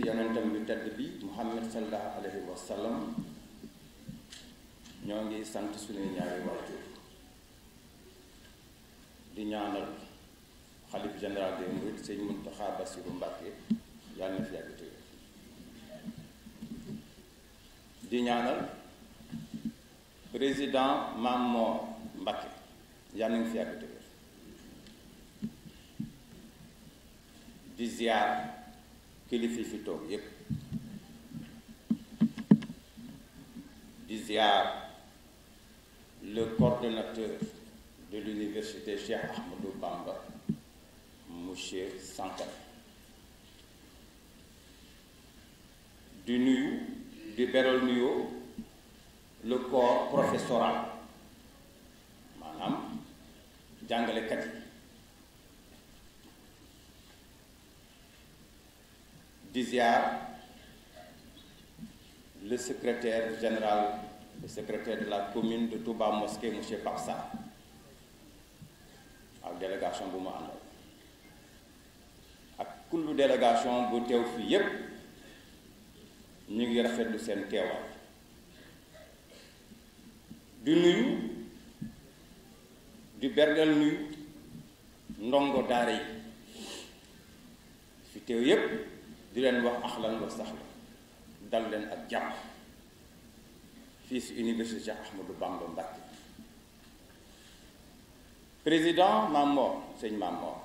ci yonentam bi tedd bi muhammad sallallahu alayhi wa sallam ñoo ngi sant suñuy ñaari waajur di ñaanal xalif général des mourides sëñ Muntaxa Basiru Mbàkke yàlla na fi yàgg te di ñaanal président Maam Moor Mbàkke yàlla na fi yàgg te di ziar kilifi fi toog yépp di ziar le coordonnateur de l'université Cheikh Ahmadou Bamba monsieur Sankara di nuyu di beral nuyoo le corps professoral maanaam jàngalekat yi di le secrétaire général le secrétaire de la commune de tubaab Mosquée monsieur Papsa ak délégation bu ma àndal ak kullu délégation bu teew fii yépp ñu ngi rafet lu seen teewal di nuyu di bergal nuyu ndongo daara yi fi teew yépp di leen wax axlan wa saxla dal leen ak jàmm fii si université Cheikh Ahmadou Bamba Mbacké président Mamor sëñ Mamor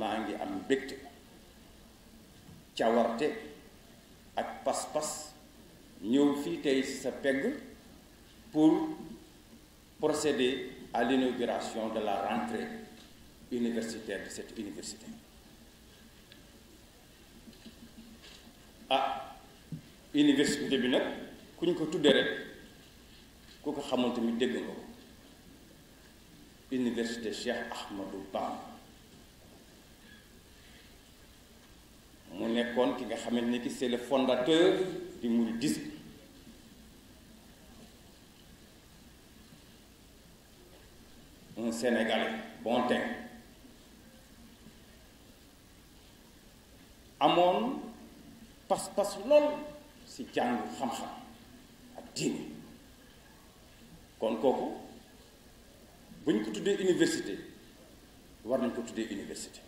maa ngi am mbégte cawarte ak pas-pas ñëw fii tey si sa pegg pour procéder à l'inauguration de la rentrée universitaire de cette université ah université bi nag ku ñu ko tuddee rek ku ko xamoon tamit dégg nga ko université Cheikh Ahmadou Bamba mu nekkoon ki nga xamante ni ki c'est le fondateur du mouridisme un Sénégalais bon teint amoon pas-pas lool si jàng xam-xam ak diine kon kooku bu ñu ko tuddee université war nañ ko tuddee université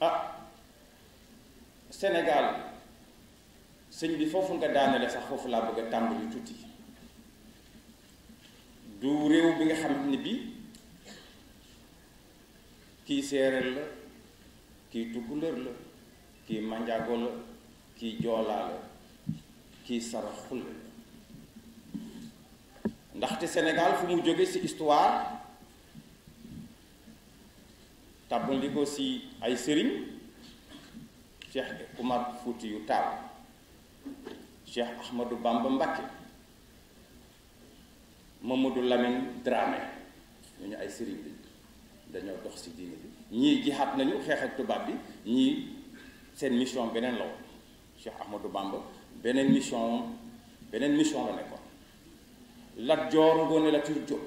ah Sénégal sëñ bi foofu nga daanale sax foofu laa bëgg a tàmbali tuuti du réew bi nga xam ne bi kii séeréer la kii tukulër la kii manjaago la kii joolaa la kii saraxul la ndaxte Sénégal fu mu jóge ci histoire tàbbandi ci ay sëriñ Cheikh Oumar Foutiyou Tall Cheikh Ahmadou Bamba Mbacké Mamadou Lamine Dramé ñu ñu ay sëriñ bi dañoo dox ci diine bi ñii jihaat nañu xeex ak tubaab bi ñii seen mission beneen la woon Cheikh Ahmadou Bamba beneen mission beneen mission la nekkoon Lat Joor Ngoone Latiir Jóob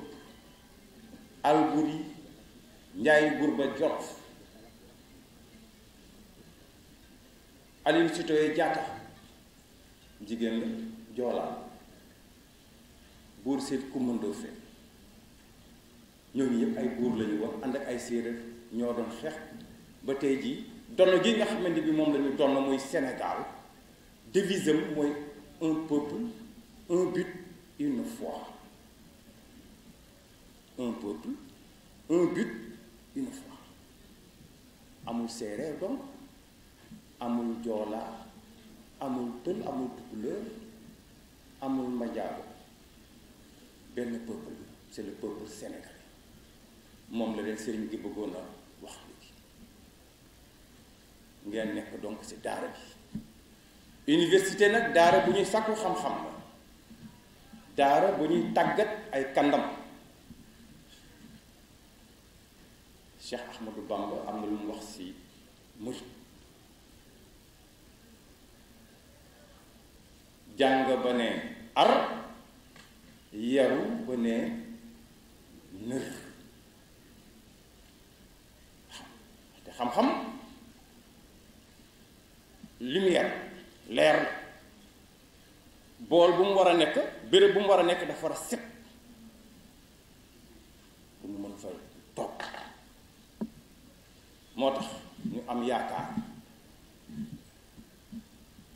Alburi Njaay Burba Jolof Aline jigéen la joolaan buur Seyd Kumba Ndofféne ñooñu yëpp ay buur lañu wax ànd ak ay séeréer ñoo doon xeex ba tey jii donn gi nga xamante bi moom la ñu donn Sénégal devise mooy un peuple un but une foi un peuple un but une foi amul séeréer donc amul joolaa amul pël amul tukulóor amul majaago benn peuple c'est le peuple sénégalais moom la leen sëriñ gi bëggoon a wax léegi ngeen nekk donc si daara bi université nag daara bu ñuy sàkku xam-xam la daara bu ñuy tàggat ay kàndam Cheikh Ahmadou Bamba am na lu mu wax si murit jàng ba ne ar yaru ba ne nër xam-xam lumière leer bool bu mu war a nekk béréb bu mu war a nekk dafa war a set bu ñu mën fa toog moo tax ñu am yaakaar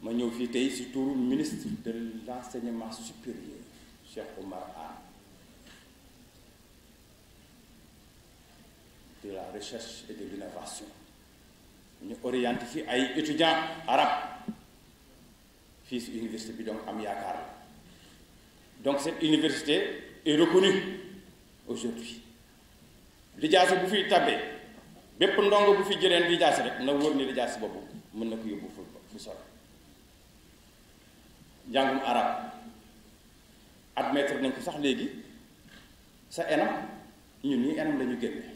ma ñëw fii tey si turu ministre de l'enseignement supérieur Cheikh Oumar Anne de la recherche et de ñu orienté fi ay étudiants arabes fii si université bi donc am yaakaar la donc cette université est reconnue aujourd'hui lijaasa bu fiy tabbee bépp ndongo bu fi jëleen lijaasa rek na wóor ni lijaasa boobu mën na ko yóbbu fu fu solo njàngum arab admettre nañ ko sax léegi sa enam ñun nii enam la ñu génne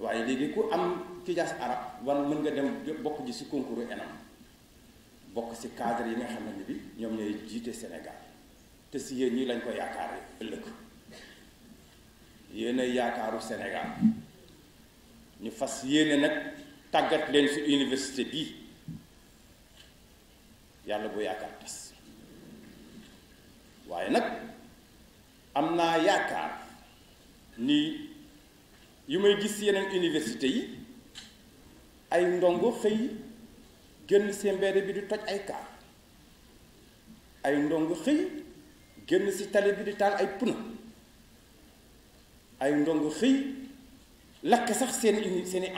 waaye léegi ku am kijaas arab wan mën nga dem bokk ji ci concours ENAM bokk ci cadre yi nga xam ne bi ñoom ñooy jiite Sénégal te si yéen ñi lañ ko yaakaar ëllëg yéen yaakaaru Sénégal ñu fas yéene nag tàggat leen si université bii yàlla bu yaakaar tas waaye nag am naa yaakaar ni yu may gis yeneen université yi ay ndongo xëy génn si mbedd bi di toj ay kaar ay ndongo xëy génn si tali bi di taal ay pneu ay ndongo xëy lakk sax seen uni seen i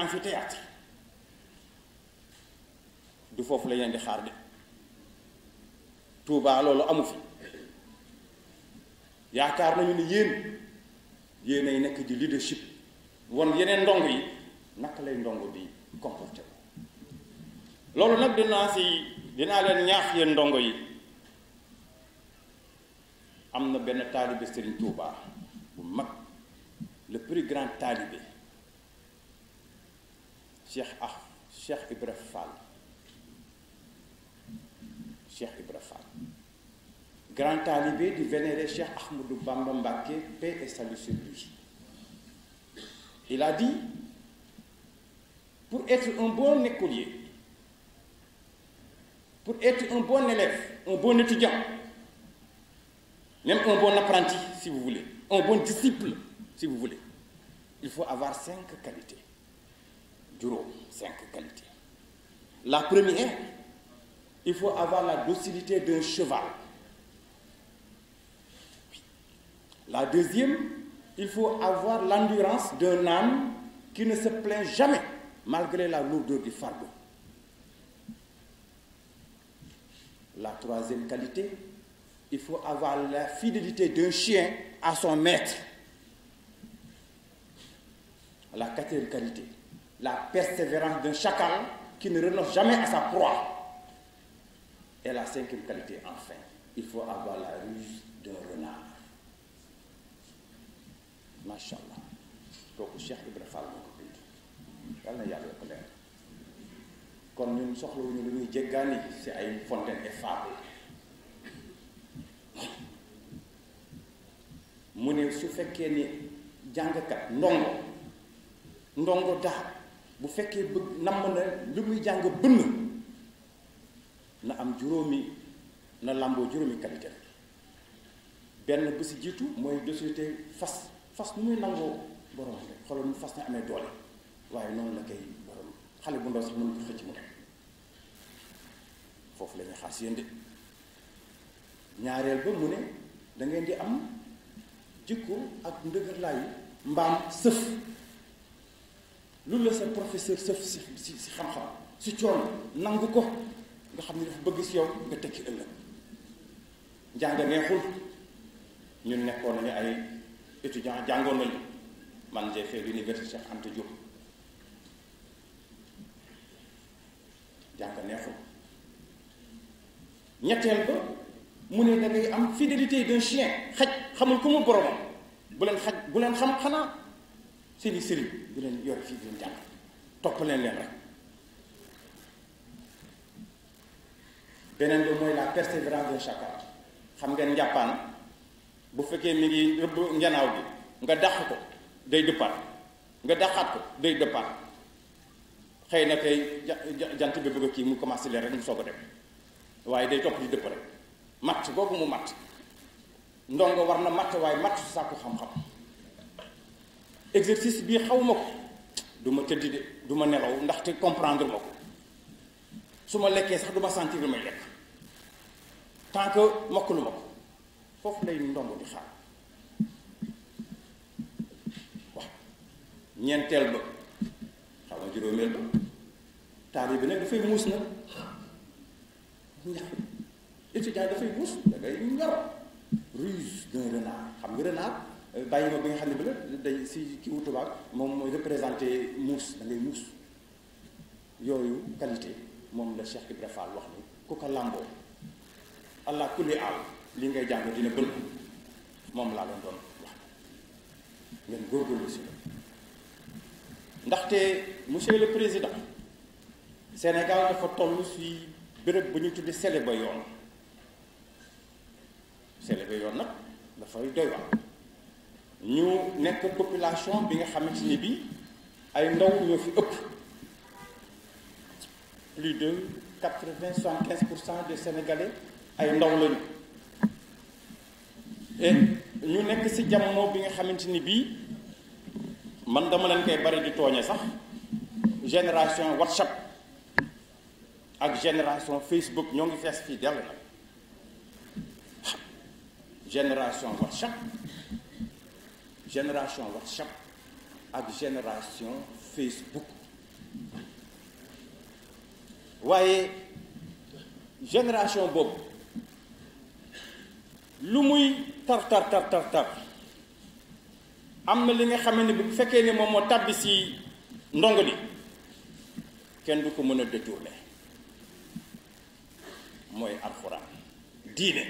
du foofu la leen di xaar de Touba loolu amu fi yaakaar nañu ni yéen yéen ay nekk di leadership wan yeneen ndongo yi naka lay ndong di comporté loolu nag dinaa si dinaa leen ñaax yéen ndongo yi am na benn taalibe Serigne Touba bu mag le plus grand taalibe Cheikh ah Cheikh Ibra Fall Cheikh Ibra Fall grand taalibe di vénérer Cheikh Ahmadou Bamba Mbacké paix et salut sur lui Il a dit, pour être un bon écolier, pour être un bon élève, un bon étudiant, même un bon apprenti, si vous voulez, un bon disciple, si vous voulez, il faut avoir cinq qualités. Duro, cinq qualités. La première, il faut avoir la docilité d'un cheval. La deuxième, il faut avoir l'endurance d'un âne qui ne se plaint jamais malgré la lourdeur du fardeau. La troisième qualité, il faut avoir la fidélité d'un chien à son maître. La quatrième qualité, la persévérance d'un chacal qui ne renonce jamais à sa proie. Et la cinquième qualité, enfin, il faut avoir la ruse d'un renard. macha allah kooku Cheikh Ibra Fall ko bind yàlla na yàlla yokk leer kon ñun soxlawuñu lu ñuy jéggaani ci ay fontaine effable mu ne su fekkee ni jàngkat ndongo ndongo daal bu fekkee bëgg namm na lu muy jàng bënn na am juróomi na làmboo juróomi qualité benn bu si jiitu mooy société fas fas nu muy nangoo borom rek xoolal mu fas ne amee doole waaye noonu la koy borom xale bu ndaw sax mën ko xëcc mu dem foofu la ñuy xaas yéen de ñaareel ba mu ne dangeen di am jikko ak ndëgërlaayu mbaam sëf lu la sa professeur sëf si si si xam-xam si coono nangu ko nga xam ne dafa bëgg si yow nga tekki ëllëg njàng neexul ñun nekkoon ne ay. étudiant jàngoon nañu man j'ai fait l'université Cheikh Anta Diop jàng neexul ñetteel ba mu ne da am fidélité d'un chien xaj xamul ku mu boromam bu leen xaj bu leen xam xanaa seeni sëriñ bu leen yor fii bu leen jàng topp leen leen rek beneen bi mooy la persévérance de chacun xam ngeen njàppaan bu fekkee mi ngi rëbb njanaaw bi nga dàq ko day dëppaat nga dàqaat ko day dëppaat xëy na kay jant bi bëgg kii mu commencé leer rek mu soog a dem waaye day topp di dëpp rek matt boobu mu matt ndongo war na matt waaye matt sàkku xam-xam exercice bii xaw ko du ma tëdd de du ma nelaw ndaxte comprendre ma ko su ma lekkee sax du sentir lu may lekk tant que mokk lu ma ko foofu lay ndongo di xaar wax ñeenteel ba xaw ma juróomeel ba taali bi nag dafay muus nag ñax étudiant dafay muus da ngay ñor ruse d'un xam nga renard euh, bàyyi ma bi nga xam ne bi la day si kii wu moom mooy représenté muus da ngay muus yooyu qualité moom la Cheikh Ibra wax ni ku ko làmboo allah kulli aal li ngay jàng dina bëri moom laa leen doon wax ngeen góorgóorlu si la ndaxte monsieur le président Sénégal dafa toll si béréb bu ñu tuddi sele ba yoon sele yoon nag dafay doy wax ñu nekk population bi nga xamante ni bi ay ndaw ñoo fi ëpp plus de quatre-vingt soixante-quinze pour cent des Sénégalais ay ndaw lañu ñu eh, nekk si jamono bi nga xamante ni bii man dama leen koy bari di tooñe sax génération WhatsApp ak génération Facebook ñoo ngi fees fii dell na génération WhatsApp génération WhatsApp ak génération Facebook waaye génération boobu lu muy tar tar tar tar am na li nga xam ne bu fekkee ne moom moo tàbbi si ndongo li kenn du ko mën a détourné mooy alxuraan diine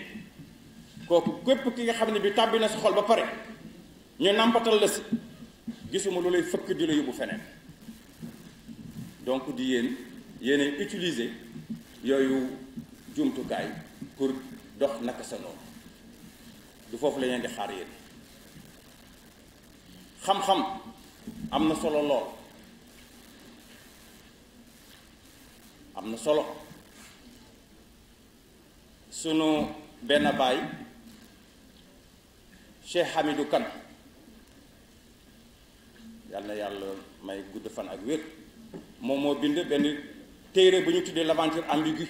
kooku képp ki nga xam ne bi tàbbi na si xol ba pare ñu nàmpatal la si gisuma lu lay fëkk di la yóbbu feneen donc di yéen yéenay utiliser yooyu jumtukaay pour dox naka sa noonu du foofu la leen di xaar yéen xam-xam am na solo lool am na solo sunu benn baay Cheikh Hamidou Kane yàlla na yàlla may gudd fan ak wér moom moo bind benn téere bu ñu tuddee l'aventure ambiguë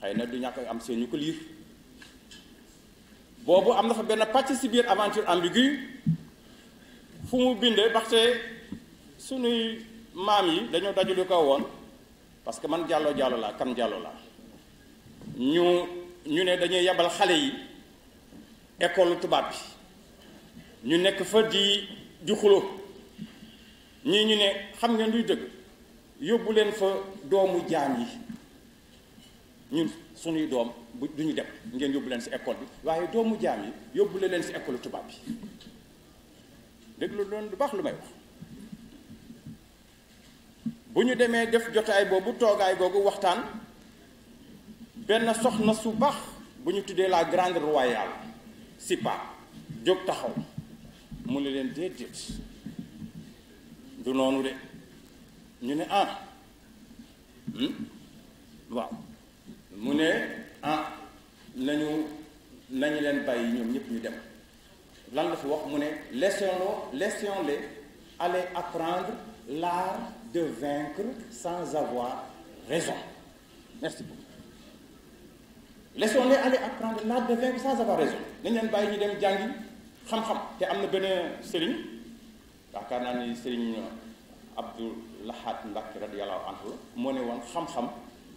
xëy na du ñàkk am seen ñu ko liir boobu am na fa benn pàcc si biir aventure ambiguë fu mu bindee baxte suñuy maam yi dañoo dajulu ko woon parce que man jàlloo jàllo laa kan jàllo laa ñu ñu ne dañuy yebal xale yi école tubaab bi ñu nekk fa di di xulo ñii ñu ne xam ngeen luy dëgg yóbbu leen fa doomu jaan yi ñun suñuy doom bu duñu ñu dem ngeen yóbbu leen si école bi waaye doomu jaam yi yóbbu leen si école tubaab bi déglu loolu lu baax lu may wax bu ñu demee def jotaay boobu toogaay googu waxtaan benn soxna su baax bu ñu tuddee la grande royale si pa jóg taxaw mu ne leen déedéet du noonu de ñu ne ah hmm? waaw mu ne ah nañu nañu leen bàyyi ñoom ñëpp ñu dem lan la fi wax mu ne laissons-le laissons-les aller apprendre l'art de vaincre sans avoir raison merci beaucoup laissons-les aller apprendre l'art de vaincre sans avoir raison nañ leen bàyyi ñu dem jàngi xam-xam te am na benn sëriñ yaakaar naa ni sëriñ Abdou Lahad Mbacke radiyallahu anhu moo ne woon xam-xam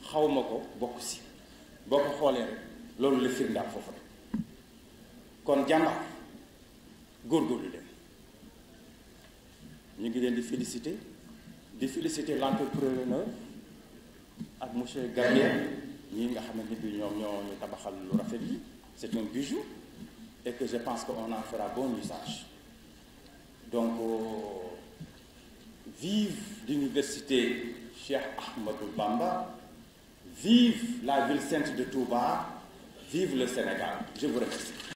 xaw ma ko bokk si boo ko xoolee rek loolu la firndaal foofu rek kon jàmbaar lu dem ñu ngi leen di féliciter di féliciter l'entrepreneur ak monsieur Gabriel ñi nga xamante ni ñoom ñoo ñu tabaxal lu rafet yi c'est un bijou et que je pense qu'on en fera bon usage donc euh, vive l'université Cheikh Ahmadou Bamba Vive la ville sainte de Touba, vive le Sénégal. Je vous remercie.